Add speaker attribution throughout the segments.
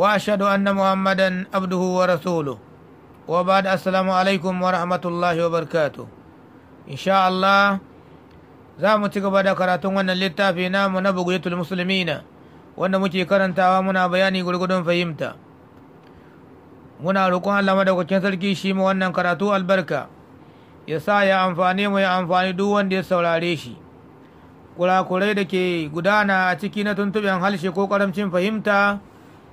Speaker 1: واشهد ان محمدا عبده ورسوله وبعد السلام alaikum wa rahmatullahi wa barkatu insha Allah za mu ci gaba da karatun wannan littafi namu na buguyatul musulmina wanda muke karantawa muna bayani gurgudun fahimta muna roƙon da madaukakin sarki shi mu wannan karatu albarka ya sa ya amfane mu ya amfani duk wanda ya saurare shi kurakurai da ke gudana a ciki na tuntuɓen harshe ko ƙaramcin fahimta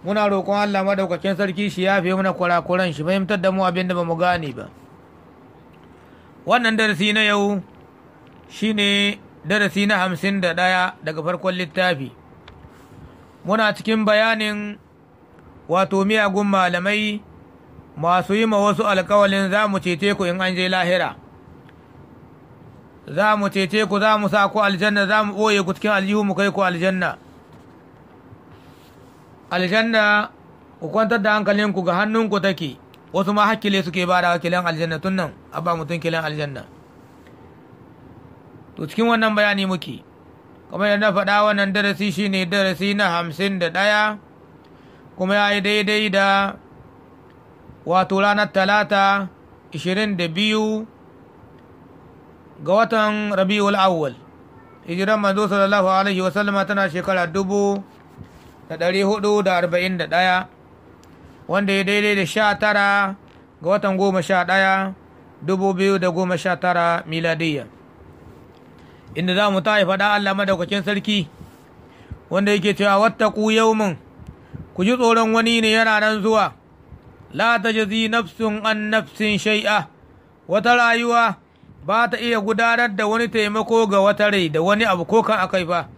Speaker 1: muna roƙon Allah madaukakin sarki shi ya yafe mana kurakuran shi fahimtar da mu abin da bamu gane ba wannan darasi na yau shi ne darasi na hamsin da ɗaya daga farkon littafi muna cikin bayanin wato miyagun malamai masu yi ma wasu alkawalin za mu cece ku in an je lahira za mu cece ku za mu sa ku aljanna za mu ɓoye ku cikin aljihu mu kai ku aljanna aljanna ku kwantar da hankalinku ga hannunku take wasu ma hakkile suke ba da wakilan aljanna tun nan a ba mutum kilan aljanna to cikin wannan bayani muke kamar yadda faɗa wannan darasi shine darasi na hamsin da ɗaya kuma ya yi daidai da wato ranar talata ishirin da biyu ga watan rabi'ul awwal hijiran manzo sallallahu alaihi wasallama tana shekara dubu da ɗari hudu da arba'in da ɗaya wanda ya daidai da sha tara ga watan goma sha ɗaya dubu biyu da goma sha tara miladiyya inda za mu ta yi faɗa Allah madaukakin sarki wanda yake cewa wattaku yaumin ku ji tsoron wani ne yana nan zuwa la zi nafsun an nafsin shai'a wata rayuwa ba ta iya gudanar da wani taimako ga wata rai da wani abu ko kan akai ba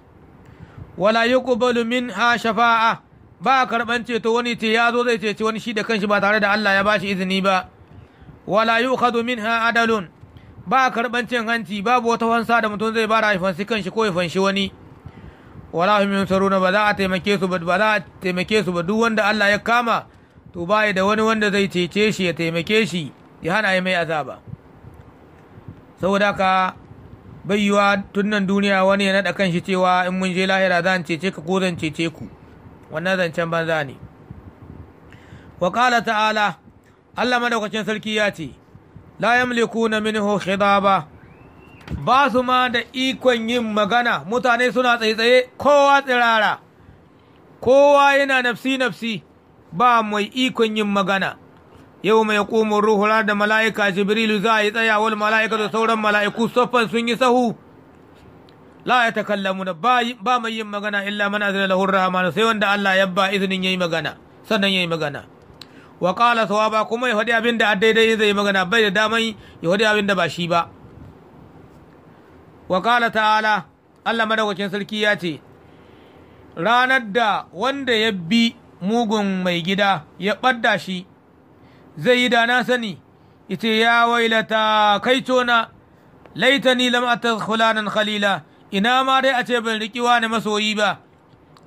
Speaker 1: wala yuqbalu minha shafa'a ba karban ceto wani ce ya zo zai ceci wani shi da kanshi ba tare da Allah ya ba shi izini ba wala yukhadu minha adalun ba karban cin hanci babu wata fansa da mutum zai ba da bara fansi kanshi ko ya fanshi wani wala hum yunsaruna ba za a taimake su ba za a taimake su ba duk wanda Allah ya kama to ba da wani wanda zai cece shi ya taimake shi ya hana yi mai azaba saboda ka bai yiwa tun nan duniya wani ya naɗa kan shi cewa in mun je lahira zan cece ka ko zan cece ku wannan zancen banza ne wa ta'ala Allah madaukakin sarki ya ce la yamlikuna minhu khidaba ba su ma da ikon yin magana mutane suna tsaye-tsaye kowa tsirara kowa yana nafsi-nafsi ba mai ikon yin magana yau mai ruhu ruhula da mala'ika jibrilu za a yi tsayawar mala'ika da sauran mala'iku soffan sun yi sahu la ya takallamu na ba mai yin magana illa mana azina lahur rahmanu sai wanda Allah ya ba izinin yayi magana sannan yayi magana wa qala sawaba kuma ya faɗi abin da daidai zai yi magana bai da damai ya faɗi abin da ba shi ba wa qala ta'ala Allah madaukakin sarki ya ce ranar da wanda ya bi mugun mai gida ya ɓadda shi zai yi da na sani ita ya wailata kai tona laitani lam atakhulanan khalila ina ma dai a ce ban riki wani masoyi ba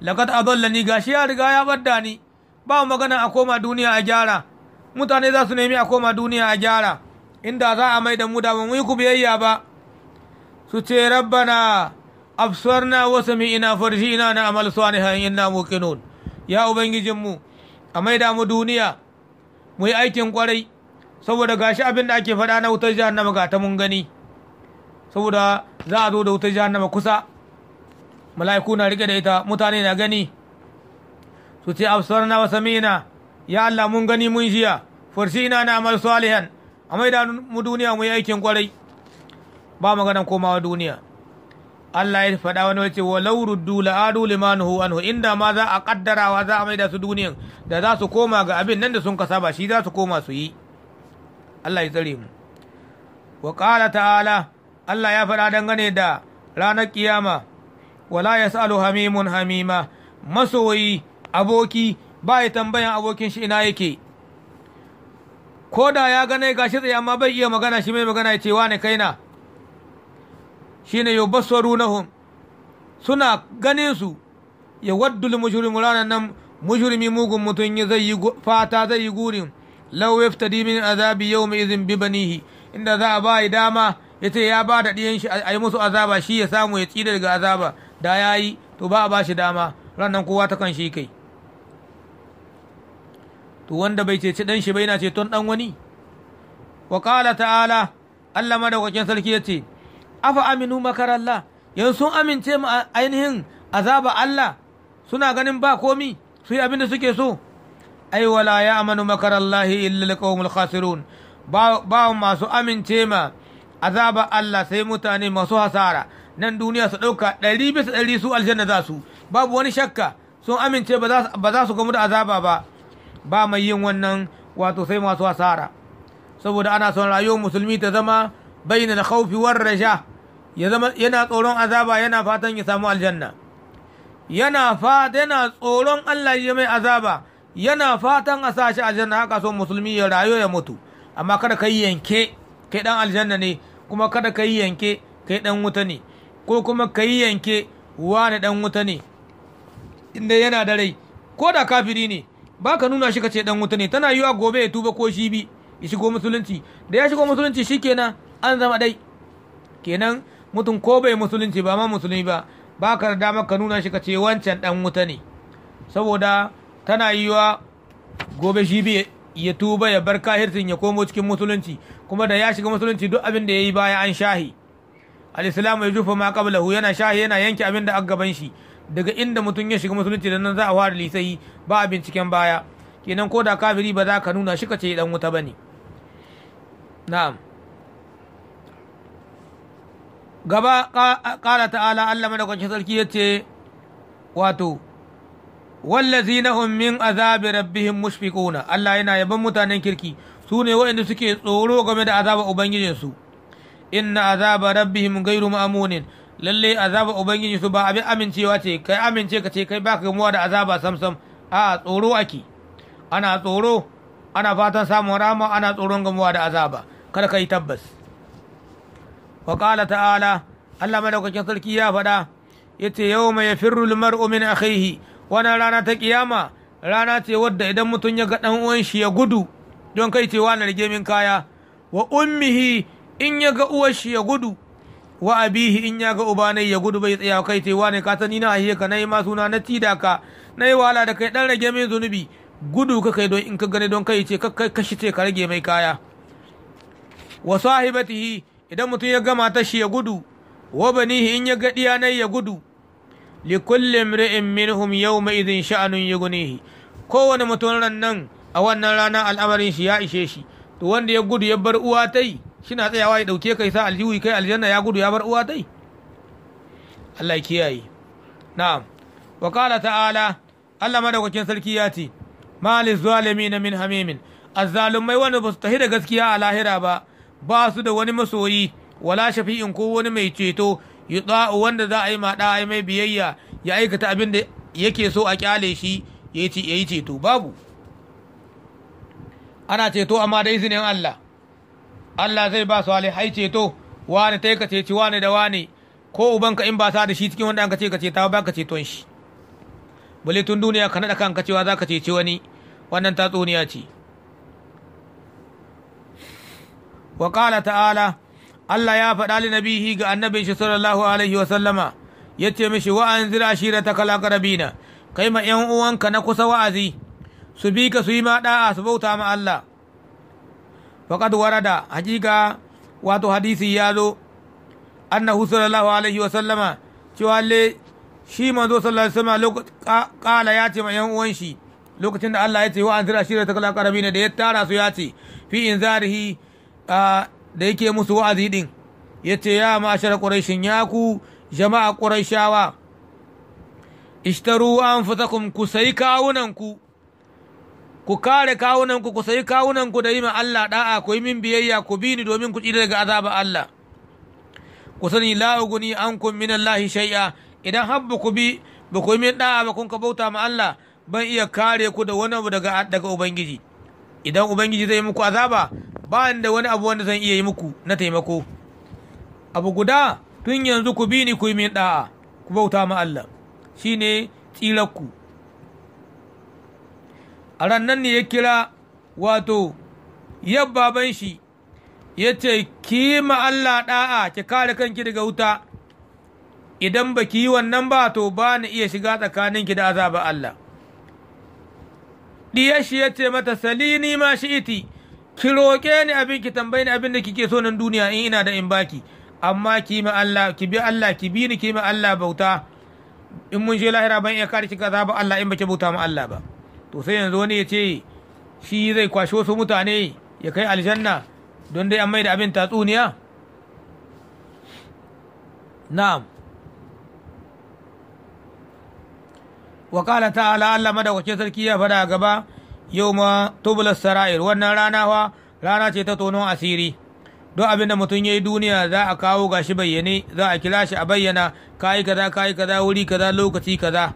Speaker 1: lakat ni gashi ya riga ya barda ni ba magana a koma duniya a gyara mutane za su nemi a koma duniya a gyara inda za a mai da mu da mu yi ku biyayya ba su ce rabbana absarna ina sami'ina ina na amal salihan inna muqinun ya ubangijinmu a mai da mu duniya Muyi aikin kwarai saboda gashi abin da ake faɗa na wutar jahannama ga ta mun gani saboda za a zo da wutar jahannama kusa mala'iku na rike da ita mutane na gani su ce absarna wa samina ya Allah mun gani mun jiya fursina na amal salihan a maida mu duniya muyi aikin kwarai ba maganan komawa duniya Allah ya faɗa wani wace wa dula adu la'adu limanuhu anhu inda ma za a wa za a mai da su duniyan da za su koma ga abin nan da sun kasa ba shi za su koma su yi Allah ya tsare mu wa qala ta'ala Allah ya faɗa dangane da ranar kiyama wala yasalu hamimun hamima masoyi aboki ba ya tambayan abokin shi ina yake ko da ya gane gashi tsaye amma bai iya magana shi mai magana ya ce wane kaina shine yubassarunahum suna ganin su ya waddul mujrimu ranan nan mujrimi mugun mutum ya zai yi fata zai yi gurin law yaftadi min azabi yawma idhin bi banihi inda za a bai dama yace ya ba da diyan shi a yi musu azaba shi ya samu ya tsira daga azaba da yayi to ba a ba shi dama ranan kowa ta kan shi kai to wanda bai ceci dan shi bai na ceton dan wani wa ta'ala Allah madaukakin sarki ya ce afa aminu makar Allah yanzu sun amince mu ainihin azaba Allah suna ganin ba komi su yi abin da suke so ai wala ya amanu makar Allah illa alqawmul khasirun ba masu amince ma azaba Allah sai mutane masu hasara nan duniya su ɗauka ɗari bisa ɗari su aljanna za su babu wani shakka sun amince ba za su gamu da azaba ba ba mai yin wannan wato sai masu hasara saboda ana son rayuwar musulmi ta zama bainal khawfi war raja ya yana tsoron azaba yana fatan ya samu aljanna yana fata yana tsoron Allah ya mai azaba yana fatan a sashi aljanna haka so musulmi ya rayu ya mutu amma kada ka yi yanke kai dan aljanna ne kuma kada ka yi yanke kai dan wuta ne ko kuma ka yi yanke wani dan wuta ne inda yana da rai ko da kafiri ne baka nuna shi ka ce dan wuta ne tana yiwa gobe ya tuba ko shi bi ya shigo musulunci da ya shigo musulunci shikenan an zama dai kenan mutum ko bai musulunci ba ma musulmi ba ba ka da dama ka nuna shi ka ce wancan dan wuta ne saboda tana yi wa gobe shi bi ya tuba ya bar kahirtin ya komo cikin musulunci kuma da ya shiga musulunci duk abin da ya yi baya an shahi alislamu islamu ya jufa ma qablahu yana shahi yana yanke abin da aka gaban shi daga inda mutum ya shiga musulunci da nan za a fara lisai ba a binciken baya kenan ko da kafiri ba za ka nuna shi ka ce dan wuta bane na'am gaba ƙara ta'ala Allah madaukakin sarki ya ce wato wallazina hum min azabi rabbihim mushfiquna Allah yana yaban mutanen kirki su ne waɗanda suke tsoro game da azaba ubangijinsu inna azaba rabbihim ghairu ma'amunin lalle azaba ubangiji su ba abin amincewa ce kai amince ka ce kai baka gamuwa da azaba samsam a tsoro ake ana tsoro ana fatan samun rama ana tsoron gamuwa da azaba kada ka yi tabbas wa qala ta'ala Allah madaukakin sarki ya faɗa yace firru lumar almar'u a akhihi wannan rana ta kiyama rana ce wadda idan mutum ya ga dan shi ya gudu don kai cewa na rige min kaya wa ummihi in ya ga uwar shi ya gudu wa abihi in ya ga ubanai ya gudu bai tsaya kai cewa ne ka sani na ahiye na yi ma suna na tidaka. Na yi wahala da kai dan rage min zunubi gudu ka kai don in ka gani don kai ce ka kashi ce ka rage mai kaya wa sahibatihi idan mutum ya gama ta shi ya gudu wa in ya ga diyanai ya gudu li kulli imri'in minhum yawma idhin sha'anun yughnihi kowane mutum a wannan rana al'amarin shi ya ishe shi to wanda ya gudu ya bar uwa tai shina tsayawa ya dauke kai sa aljihu kai aljanna ya gudu ya bar uwa tai Allah kiyaye na'am wa qala ta'ala Allah madaukakin sarki ya ce mali zalimin min hamimin azzalumai wanda ba su tahi da gaskiya a lahira ba ba su da wani masoyi wala shafi'in ko wani mai ceto yutsa wanda za a yi a yi mai biyayya ya aikata abin da yake so a kyale shi ya yi ceto babu ana ceto amma da izinin Allah Allah zai ba su hai ceto wani ta yi ka ceci wani da wani ko ubanka in ba sa da shi cikin wanda an ka ce ka ceta ba ka ceton shi bale tun duniya ka naɗa kanka cewa za ka ceci wani wannan tatsuniya ce wa ta'ala Allah ya faɗa li nabihi ga Annabi shi sallallahu alaihi wa sallama yace mishi wa anzir ashirataka alaqrabina kai ma yan na kusa wa'azi su bi ka su yi ma da'a su bauta ma Allah faqad warada hakika wato hadisi ya zo annahu sallallahu alaihi cewa le shi manzo sallallahu alaihi wa ya ce ma yan lokacin da Allah ya ce wa da ya tara su ya ce fi inzarihi da yake musu wa'azi din ya ce ya ma'ashar ƙuraishin ya ku jama'a ƙuraishawa ishtaru an ku sai kawunanku ku kare kawunanku ku sayi kawunanku da yi ma Allah da'a ku yi min biyayya ku bi ni domin ku tsira daga azaba Allah ku sani la uguni ankum min Allah shay'a idan har ku bi ba ku yi min da'a ba kun ka bauta ma Allah ban iya kare ku da wani daga daga ubangiji idan ubangiji zai muku azaba ba da wani abu wanda zan iya yi muku na taimako abu guda tun yanzu ku bi ni ku yi min da'a ku bauta ma Allah shi ne tsirarku a ranar ne ya kira wato yabba baban shi ya ce ki ma Allah da'a ki kare kanki daga wuta idan ba ki yi wannan ba to ba na iya shiga tsakaninki da azaba Allah Ɗiyashi ya ce mata salini ma shi iti." ki roƙe ni abin ki tambaye ni abin da kike so nan duniya in ina da in baki amma ki ma Allah ki bi Allah ki bi ni ki ma Allah bauta in mun je lahira ban iya kare ki kaza ba Allah in baki bauta ma Allah ba to sai yanzu wani ya ce shi zai kwashe su mutane ya kai aljanna don dai an mai da abin tatsuniya na'am wa ta'ala Allah madawacin sarki ya fada gaba yau ma tubular sara'ir wannan rana fa rana ce ta tono asiri don abin da mutum ya yi duniya za a kawo ga shi bayyane za a kira shi a bayyana kayi kaza kayi kaza wuri kaza lokaci kaza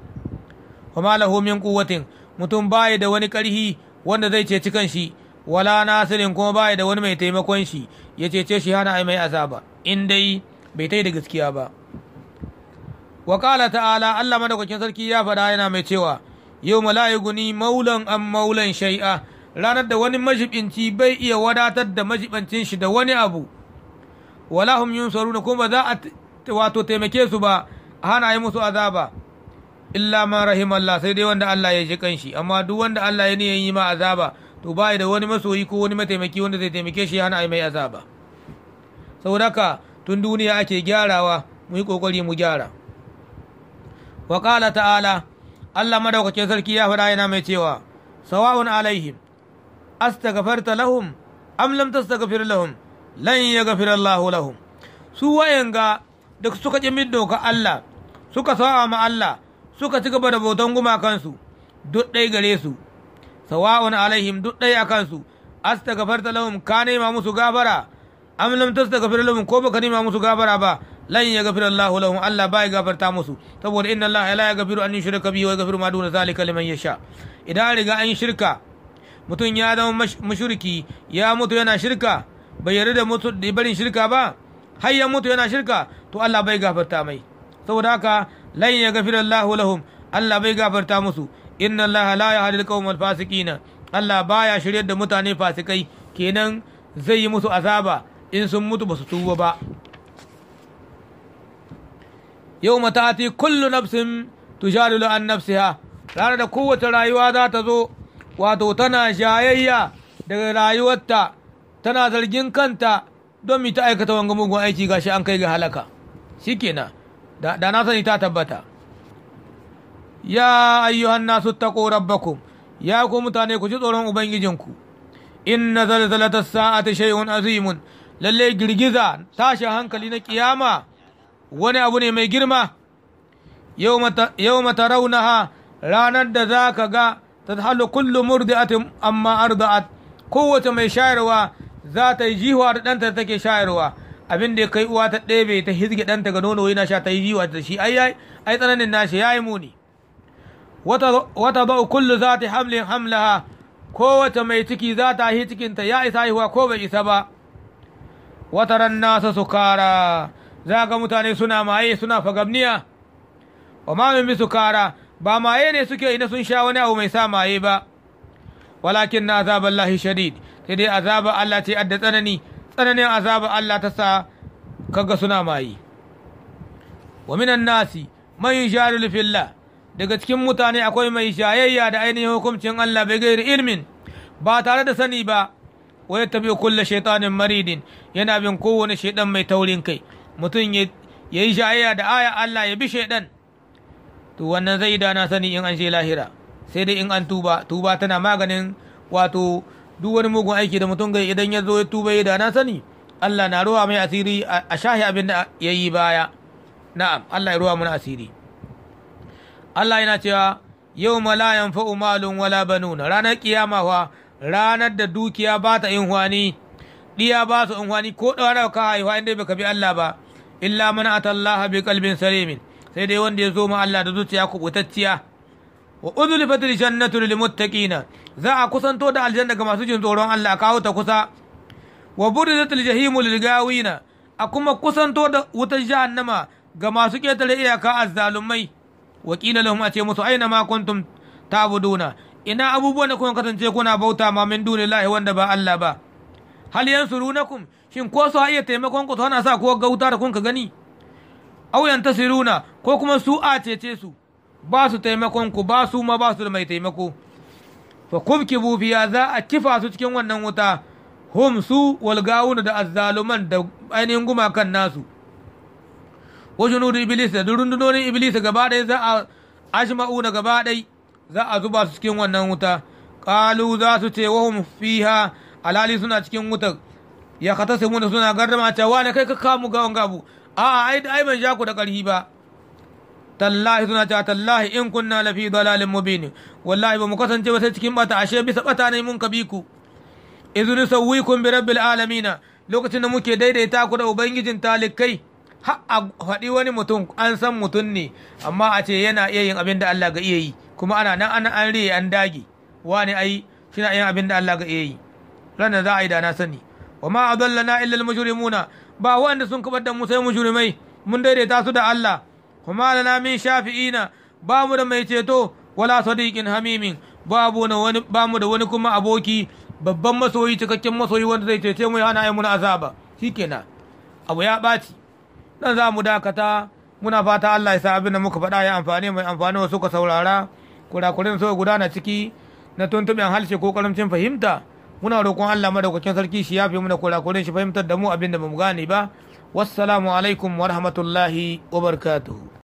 Speaker 1: kuma lahu min quwwatin mutum baya da wani karhi wanda zai ceci kan shi wala nasirin kuma baya da wani mai taimakon shi ya cece shi hana ai mai azaba in dai bai tai da gaskiya ba wa ta'ala Allah madaukakin sarki ya faɗa yana mai cewa yau guni maulan an maulan shai'a ranar da wani majibinci bai iya wadatar da majibancin shi da wani abu wala hum yunsaruna kuma za a wato taimake su ba hana yi musu azaba illa ma rahim Allah sai dai wanda Allah ya ji shi, amma duk wanda Allah ya niyan yi ma azaba to bai da wani masoyi ko wani mataimaki wanda zai taimake shi hana yi mai azaba saboda tun duniya ake gyarawa mu yi kokari mu gyara wa ta'ala Allah madaukakin sarki ya faɗa yana mai cewa sawa'un alaihim astaghfarta lahum am lam tastaghfir lahum lan yaghfir Allahu lahum su wayanga da suka ƙi doka Allah suka sawa ma Allah suka ci gaba da bautan gumakansu duk dai gare su sawa'un alaihim duk dai a kansu astaghfarta lahum ka nema musu gafara am lam tastaghfir lahum ko baka nema musu gafara ba lan yaghfira Allahu lahum Allah ba ya gafarta musu saboda inna Allah la yaghfiru an yushraka bihi wa yaghfiru ma duna zalika liman yasha idan riga an shirka mutum ya zama mushriki ya mutu yana shirka bai yarda da mutu da barin shirka ba har ya mutu yana shirka to Allah bai gafarta mai saboda haka lan yaghfira Allahu lahum Allah bai gafarta musu inna Allah la yahdi al-qawmal fasiqina Allah baya shiryar da mutane fasikai kenan zai yi musu azaba in sun mutu ba su tuba ba yau mata matati kullu nafsin tujadilu an nafsiha ranar da kowace rayuwa za ta zo wato tana shayayya daga rayuwarta tana zargin kanta don mita ta aikata wanga mugun aiki ga shi an kai ga halaka shikenan da, da na sani ta tabbata ya ayyuhan nasu taqu rabbakum ya ku mutane ku ji tsoron ubangijinku inna zalzalatas sa'ati shay'un azimun lalle girgiza tashin hankali na ƙiyama. wani abu ne mai girma yau mata raunaha ranar da za ka ga ta halu kullum murdi'atin amma arda'at kowace mai shayarwa za ta yi jihuwa da ɗanta take shayarwa abin da ya kai uwa ta ɗebe ta hizgi ɗanta ga nono yana sha ta yi jihuwa da shi ai ai tsananin nashi ya yi muni wata ba'u kullu za ta hamlin hamlaha kowace mai ciki za ta yi cikinta ya isa haihuwa ko bai isa ba wata ran nasa su kara. za ga mutane suna maye suna fagabniya wa ma min bisu kara ba maye ne suke ina sun sha wani abu mai sa maye ba walakin na azabar lahi shadid sai dai azaba Allah ce adda tsanani tsananin azaba Allah ta sa kaga suna maye wa minan nasi man yujadilu fillah daga cikin mutane akwai mai shayayya da ainihin hukuncin Allah bai gairi ilmin ba tare da sani ba wa ya tabi kulle shaitanin maridin yana bin kowane shaitan mai taurin kai mutum ya yi shayaya da aya Allah ya bi shaidan to wannan zai da na sani in an je lahira sai dai in an tuba tuba tana maganin wato duk wani mugun aiki da mutum gai idan ya zo ya tuba ya da na sani Allah na ruwa mai asiri a shahi abin da ya yi baya na'am Allah ya ruwa mana asiri Allah yana cewa yau la yanfa'u malun wala banuna ranar kiyama fa ranar da dukiya ba ta in hwani diya ba su in hwani ko da ka haihuwa inda baka bi Allah ba illa man atallaha bi qalbin salimin sai dai wanda ya zo ma Allah da zuciya kubutacciya wa uzlifat aljannatu lil muttaqina za a kusanto da aljanna ga masu jin tsoron Allah kawo ta kusa wa buridat aljahimu lil gawina a kuma kusanto da wutar jahannama ga masu ketare iyaka azzalumai wa qila lahum a ce musu aina ma kuntum ta'buduna ina abubuwan da kuka kasance kuna bauta ma min dunillahi wanda ba Allah ba hal yansurunakum shin ko su iya taimakon ku tana sa ko gauta da kun ka gani ta siruna ko kuma su a cece su ba su taimakon ku ba su ma ba su da mai taimako fa kubkibu za a kifa su cikin wannan wuta hum su gauna da azzaluman da ainihin gumakan nasu wajen iblis da rundunonin iblis gaba ɗaya za a ajma'una gaba ɗaya za a zuba su cikin wannan wuta Kalu za su ce hum fiha alali suna cikin wutar ya kata su muna suna gardama ta wane kai ka kamu ga wanga abu a ai ai ban ja ku da karhi ba tallahi suna cewa tallahi in kunna lafi dalalin mubin wallahi ba mu kasance ba sai cikin bata ashe bisa bata ne mun kabi ku idun sawwikum bi rabbil alamin lokacin da muke daidaita ku da ubangijin talikai har a faɗi wani mutum an san mutum ne amma a ce yana iya yin abin da Allah ga iya yi kuma ana nan an an riye an dage wani ai shi na yin abin da Allah ga iya yi lana za a yi da na sani wa ma adallana na illal mujrimuna ba wanda sun kubar da mu sai mujrimai mun daidaita su da Allah kuma lana min shafi'ina ba mu da mai ceto wala sadiqin hamimin babu ba mu da wani kuma aboki babban masoyi cikakken masoyi wanda zai cece mu ya hana ai muna azaba shikenan abu ya baci dan za mu dakata muna fata Allah ya sa abin da muka faɗa ya amfani mai amfani wasu ka saurara kurakurin so gudana ciki na tuntuɓen halshe ko karamcin fahimta muna roƙon Allah madaukakin sarki shi yafe muna kurakurin shi fahimtar da mu abin da mu gane ba wassalamu alaikum wa rahmatullahi wa barakatuhu